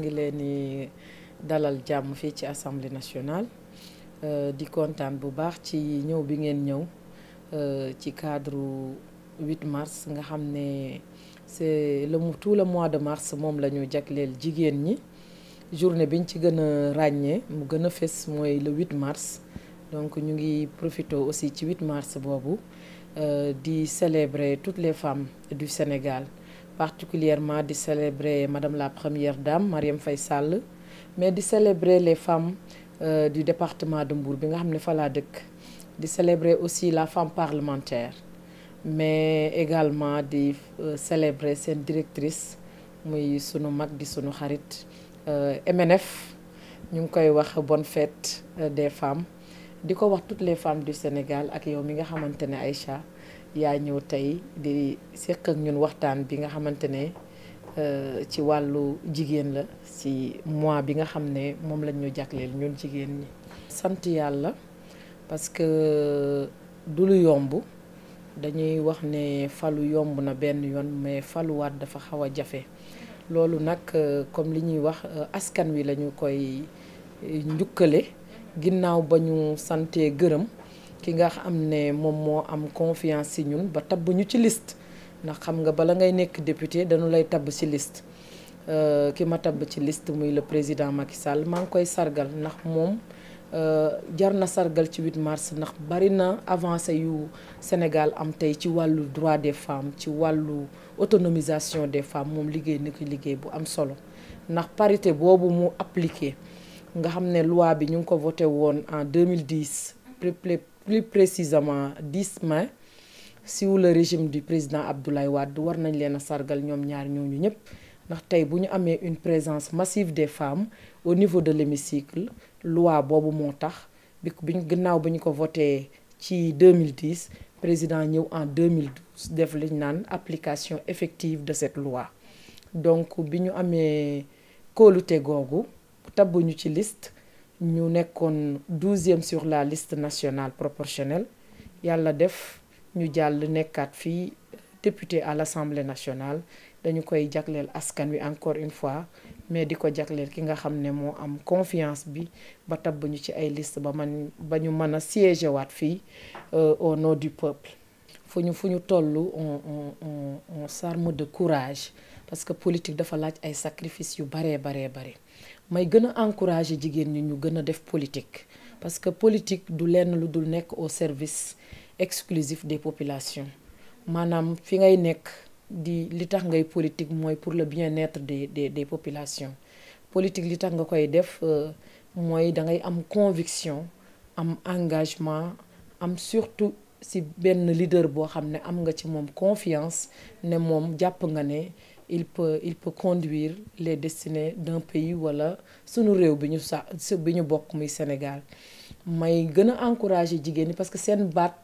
ngi leen di dalal jàmm fii ci assemblée nationale euh, di kontaan bu baax ci ñëw bi ngeen ñëw euh, ci cadre 8 mars nga xam ne c'est le tout le mois de mars moom la ñu jagleel jigéen ñi journée biñ ci gën a ràññee mu gën a fës mooy le 8 mars donc ñu ngi profité aussi ci 8 mars boobu euh, di célébrer toute les femmes du Sénégal particulièrement di célébrer Madame la Première daam Marième Faye Sall mais di célébrer les femmes euh, du département de Mbour bi nga xam ne falaa dëkk di célébrer aussi la femme parlementaire mais également di euh, célébrer seen directrice muy sunu mag di sunu xarit euh, MNF ñu ngi koy wax bonne fête euh, des femmes di ko wax toutes les femmes du Sénégal ak yow mi nga xamante ne Aïcha yaa ñëw tey di seq ak ñun waxtaan bi nga xamante ne euh, ci wàllu jigéen la si mois bi nga xam ne moom lañ ñu jagleel ñun jigéen ñi. sant yàlla parce que euh, du lu yomb dañuy wax ne falu yomb na benn yoon mais faluwaat dafa xaw a jafe loolu nag euh, comme li ñuy wax askan wi lañu koy njukkale ginnaaw ba ñu santee gërëm. ki nga am ne moom moo am confiance si ñun ba tabb ñu ci list ndax xam nga bala ngay nekk député dañu lay tabb ci liste euh, ki ma tabb ci liste muy le président Macky Sall maa ngi koy sargal ndax moom euh, jar na sargal ci 8 mars ndax bari na avancé yu Sénégal am tey ci wàllu droit des femmes ci wàllu autonomisation des femmes moom liggéey na ko liggéey bu am solo ndax parité boobu mu appliqué nga xam ne loi bi ñu ngi ko voté woon en 2010 pré plus précisément 10 mai sous le régime du président Abdoulaye Wade war nañ leen a sargal ñoom ñaar ñooñu ñëpp ndax tey bu ñu amee une présence massive des femmes au niveau de l'hémicycle loi boobu moo tax bi biñ gannaaw bi ñu ko voté ci 2010 président ñëw en 2012 def liñ naan application effective de cette loi donc bi ñu amee kóolute googu ñu ci liste ñu nekkoon douzième sur la liste nationale proportionnelle yàlla def ñu jàll nekkaat fii député à l'Assemblée nationale dañu koy jagleel askan wi encore une fois mais di ko jagleel ki nga xam ne moo am confiance bi ba tabb ñu ci ay liste ba man ba ñu mën a siégé waat fii euh, au nom du peuple fu ñu fu ñu toll s'arme de courage parce que politique dafa laaj ay sacrifice yu baree baree bare may gën a encourager jigéen ñi ñu gën a def politique parce que politique du lenn lu dul nekk au service exclusif des population maanaam fi ngay nekk di li tax ngay politique mooy pour le bien-être des des des populations politique li tax nga koy def euh, mooy da ngay am conviction am engagement am surtout si benn leader boo xam ne am nga ci moom confiance ne moom jàpp nga ne il peut il peut conduire les destinées d'un pays wala sunu réew bi ñu sax bi ñu bokk muy Sénégal may gën a encourager jigéen ñi parce que seen baat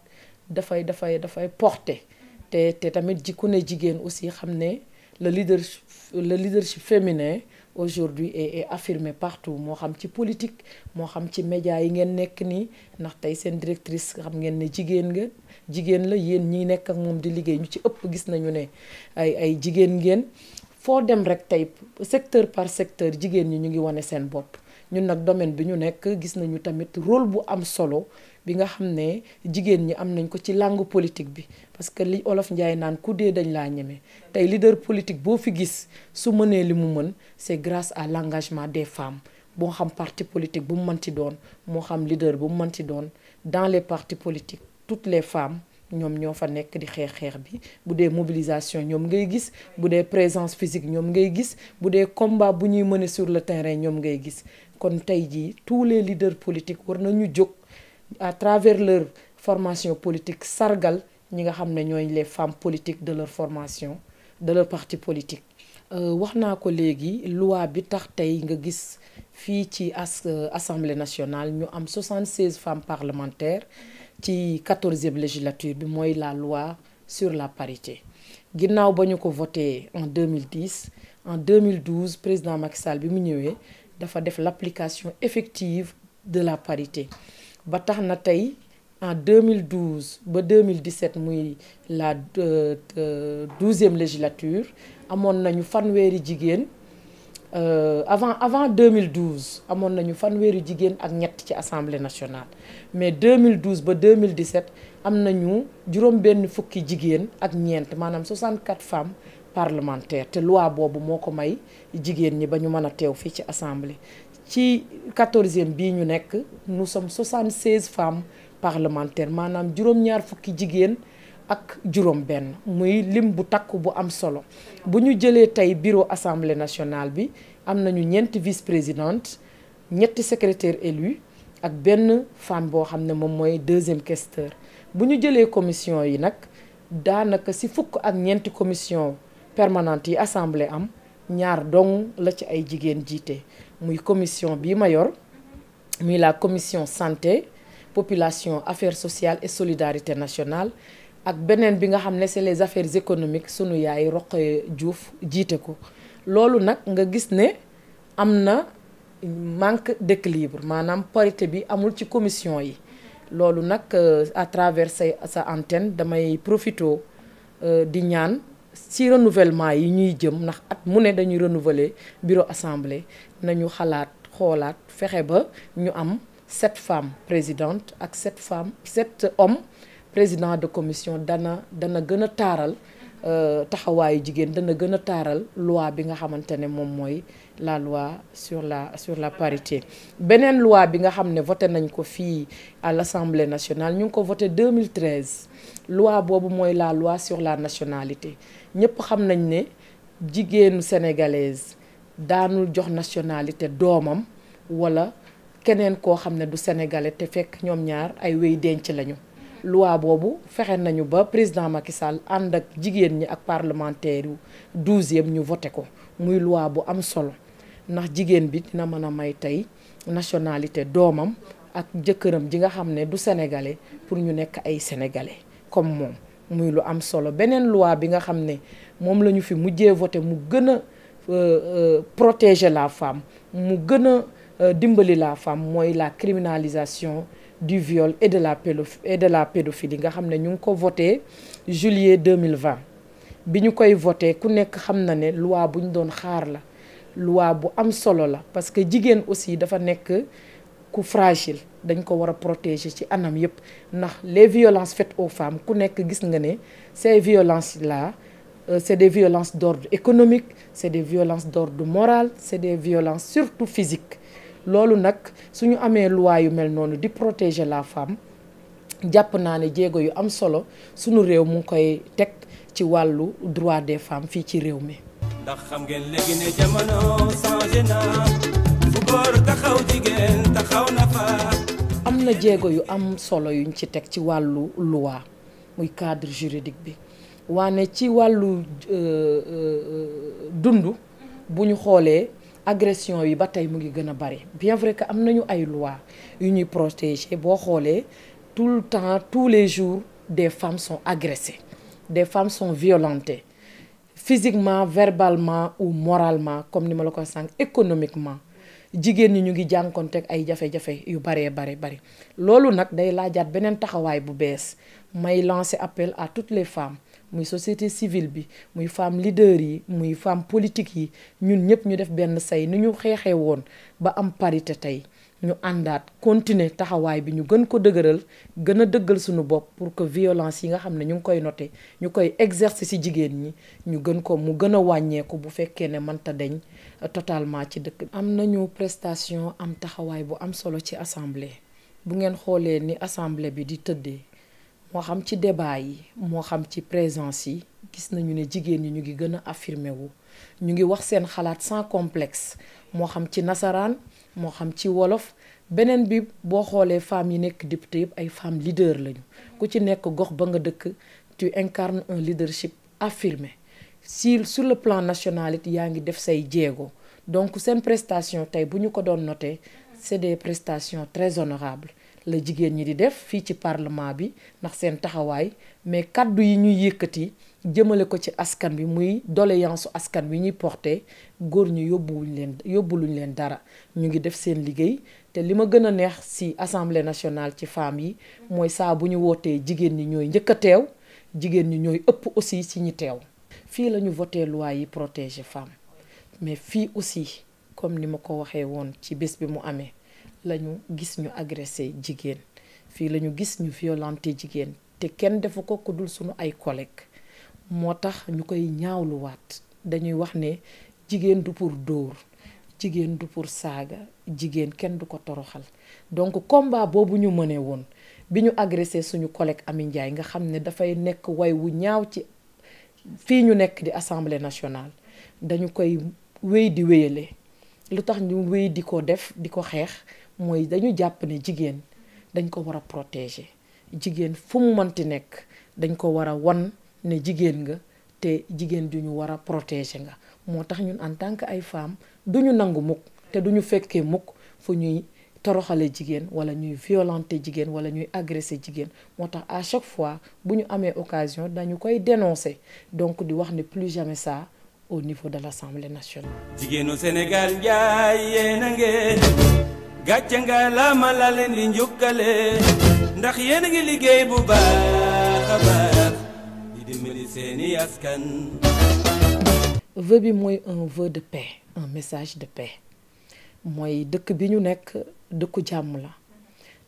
dafay dafay dafay porter te te tamit ji ku ne jigéen aussi xam ne le leadership le leadership féminin aujourd'hui et est affirmé partout moo xam ci politique moo xam ci médias yi ngeen nekk nii ndax tey seen directrice xam ngeen ne jigéen nga jigéen la yéen ñiy nekk ak moom di liggéey ñu ci ëpp gis nañu ne ay ay jigéen ngeen foo dem rek tey secteur par secteur jigéen ñi ñu ngi wane seen bopp ñun nag domaine bi ñu nekk gis nañu tamit rôle bu am solo bi nga xam ne jigéen ñi am nañ ko ci langue politique bi parce que li olof Njaay naan ku dee dañ laa ñeme tey leader politique boo fi gis su mënee li mu mën c'est grâce à l'engagement des femmes boo xam parti politique bu mu mënti doon moo xam leader bu mu mënti doon dans les parti politiques toutes les femmes ñoom ñoo fa nekk di xeex xeex bi bu dee mobilisation ñoom ngay gis bu dee présence physique ñoom ngay gis bu dee combat bu ñuy mener sur le terrain ñoom ngay gis kon tey jii tous les leaders politiques war nañu jóg à travers leur formation politique sargal ñi nga xam ne ñooy les femmes politique de leur formation de leur parti politique euh, wax naa ko léegi loi bi tax tey nga gis fii ci as euh, assemblée nationale ñu am 76 femmes parlementaires ci 14e législature bi mooy la loi sur la parité ginnaaw ba ñu ko voté en 2010 en 2012 président Macky Sall bi mu ñëwee dafa def l'application effective de la parité ba tax na tey en 2012 ba 2017 muy la euh, douzième législature amoon nañu fanweeri jigéen euh, avant avant mille 2012 amoon nañu fanweeri jigéen ak ñett ci assemblée nationale mais 2012 ba 2017 am nañu juróom-benn fukki jigéen ak ñeent maanaam 64 femmes parlementaires te loi boobu moo ko may jigéen ñi ba ñu mën a teew fii ci assemblée. ci quatorzième bii ñu nekk nous som soixante seize femmes parlementaires maanaam juróom-ñaar fukki jigéen ak juróom-benn muy lim bu takk bu am solo bu ñu jëlee tey bureau assemblée nationale bi am nañu ñeenti vice présidente ñetti secretaire élu ak benn femme boo xam ne moom mooy deuxième questeur bu ñu jëlee commission yi nag daanaka si fukk ak ñeenti commission permanente yi assemblée am ñaar dong la ci ay jigéen jiite. muy commission bii ma yor muy la commission santé population affaires sociale et solidarité nationale ak beneen bi nga xam ne c'est les affaires économiques sunu yaay Roqe Diouf jiite ko loolu nag nga gis ne am na manque d'équilibre maanaam parité bi amul ci commission yi loolu nag euh, à travers sa antenne damay profito euh, di ñaan ci renouvellement yi ñuy jëm ndax at mu ne dañuy renouveler bureau assemblée nañu xalaat xoolaat fexe ba ñu am sept femmes présidentes ak sept femmes sept hommes président de commission dana dana gën a taaral euh, taxawaayu jigéen dana gën a taaral loi bi nga xamante ne moom mooy la loi sur la sur la parité beneen loi bi nga xam ne vote nañ ko fii à l'Assemblée nationale ñu ngi ko voté 2013 loi boobu mooy la loi sur la nationalité ñëpp xam nañ ne jigéenu sénégalaise daanul jox nationalité doomam wala keneen koo xam ne du sénégalais te fekk ñoom ñaar ay wéy denc lañu. loi boobu fexe nañu ba président Macky ànd ak jigéen ñi ak parlementaire yu douzième ñu voté ko muy loi bu am solo. ndax jigéen bi dina mën a may tey nationalité doomam ak jëkkëram ji nga xam ne du sénégalais pour ñu nekk ay sénégalais comme moom muy lu am solo beneen loi bi nga xam ne moom la ñu fi mujjee voté mu gën a euh, euh, protéger la femme mu gën a euh, dimbali la femme mooy la criminalisation du viol et de la et de la nga xam ne ñu ngi ko voté juillet 2020 bi ñu koy voté ku nekk xam na ne loi bu ñu doon xaar la loi bu am solo la parce que jigéen aussi dafa nekk ku fragile dañ ko war a protéger ci anam yëpp ndax les violences faites au femmes ku nekk gis nga ne ces violences là euh, c'est des violences d'ordre économique c'est des violences d'ordre moral c'est des violences surtout physiques loolu nag suñu amee loi yu mel noonu di protéger la femme jàpp naa ne jéego yu am solo sunu réew mu ngi koy teg ci wàllu droit des femmes fii ci réew mi ndax xam ngeen léegi ne jamono changé na fu góor taxaw jigéen taxaw na am na jéego yu am solo yu ñu ci teg ci wàllu loi muy cadre juridique bi waane ci wàllu euh, euh, dund bu ñu xoolee agression yi ba tey mu ngi gën a bari bien vrai que am nañu ay loi yu ñuy protéger boo xoolee tout le temps tous les jours des femmes sont agressées des femmes sont violentées physiquement verbalement ou moralement comme ni ma la ko sànq économiquement jigéen ñi ñu ngi jànkonteeg ay jafe-jafe yu baree bare bari loolu nag day laajaat beneen taxawaay bu bees may lancer appel à toutes les femmes muy société civile bi muy femme leader yi muy femme politique yi ñun ñëpp ñu def benn say ni ñu xeexee woon ba am parité tey ñu àndaat continuer taxawaay bi ñu gën ko dëgëral gën a dëggal suñu bopp pour que violence yi nga xam ne ñu ngi koy noté ñu koy exercer ci jigéen ñi ñu gën ko mu gën a wàññeeku bu fekkee ne mënta deñ euh, totalement ci dëkk am nañu prestation am taxawaay bu am solo ci assemblée bu ngeen xoolee ni assemblée bi di tëddee moo xam ci débat yi moo xam ci présence yi gis nañu ne jigéen ñi ñu ngi gën a affirmé wu ñu ngi wax seen xalaat sans complexe moo xam ci nasaraan moo xam ci wolof beneen bi boo xoolee femmes yi nekk député yëpp ay femmes leaders lañu ku ci nekk gox ba nga dëkk tu incarnes un leadership affirmé si sur le plan national it yaa ngi def say jéego donc seen prestation tey bu ñu ko doon noté c'est des prestation très honorables la jigéen ñi di def fii ci parlement bi ndax seen taxawaay mais kaddu yi ñuy yëkkati jëmale ko ci askan bi muy doléance askan bi ñuy porté góor ñu yóbbuwuñ leen yóbbuluñ leen dara ñu ngi def seen liggéey te li ma gën a neex si assemblée nationale ci femmes yi mooy saa bu ñu wootee jigéen ñi ñooy njëkk a teew jigéen ñi ñooy ëpp aussi si ñi teew fii la ñu voté yi protéger femme mais fii aussi comme ni ma ko waxee woon ci bés bi mu amee la ñu gis ñu agressé jigéen fii la ñu gis ñu violenté jigéen te kenn defu ko ku dul suñu ay collègues moo tax ñu koy ñaawluwaat dañuy wax ne jigéen du pour dóor jigéen du pour saaga jigéen kenn du ko toroxal donc combat boobu ñu mënee woon bi ñu agressé suñu collègue Ami Ndiaye nga xam ne dafay nekk woy wu ñaaw ci fii ñu nekk di assemblée national dañu koy wéy di wéyale lu tax ñu wéy di ko def di ko xeex mooy dañu jàpp ne jigéen dañ ko war a protéger jigéen fu mu mënti nekk dañ ko war a wan ne jigéen nga te jigéen ju ñu war a protéger nga moo tax ñun en tant que ay femmes du ñu nangu mukk te du ñu fekkee mukk fu ñuy toroxale jigéen wala ñuy violenter jigéen wala ñuy agresser jigéen moo tax à chaque fois bu ñu amee occasion dañu koy dénoncé donc di wax ni plus jamais ça au niveau de l'Assemblée nationale. jigéenu Sénégal njaay yéen ngeen gàcce nga laama la leen di njukkale ndax yéen ngi liggéey bu baax a baax ci seeni askan. vœu bi mooy un vœu de paix un message de paix mooy dëkk bi ñu nekk dëkku jàmm la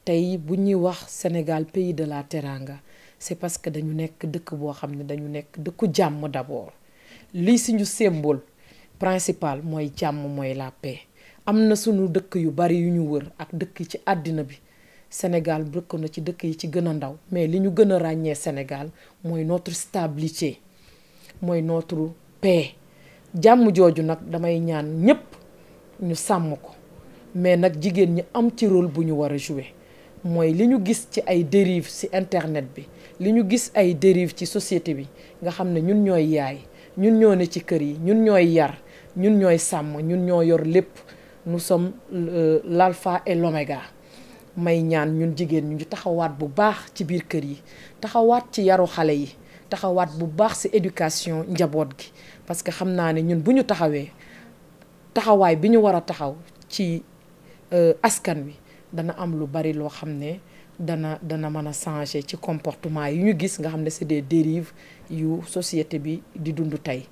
tey bu ñuy wax Sénégal pays de la teraanga c'est parce que dañu nekk dëkk boo xam ne dañu nekk dëkku jàmm d'abord lii suñu symbole principal mooy jàmm mooy la paix am na sunu dëkk yu bari yu ñu wër ak dëkk ci àddina bi. Sénégal bokk na ci dëkk yi ci gën a ndaw mais li ñu gën a ràññee Sénégal mooy notre stabilité mooy notre paix jàmm jooju nag damay ñaan ñépp ñu sàmm ko mais nag jigéen ñi am ci rôle bu ñu war a jouer mooy li ñu gis ci ay dérives ci internet bi li ñu gis ay dérives ci société bi nga xam ne ñun ñooy yaay ñun ñoo ne ci kër yi ñun ñooy yar ñun ñooy sàmm ñun ñoo yor lépp nous sommes euh, l'alpha et l'oméga may ñaan ñun jigéen ñu taxawaat bu baax ci biir kër yi taxawaat ci yaru xale yi taxawaat bu baax ci éducation njaboot gi parce que xam naa ne ñun bu ñu taxawee taxawaay bi ñu war a taxaw ci euh, askan wi dana am lu bari loo xam ne dana dana mën a changer ci comportement yi ñu gis nga xam ne c'est des dérives yu société bi di dund tey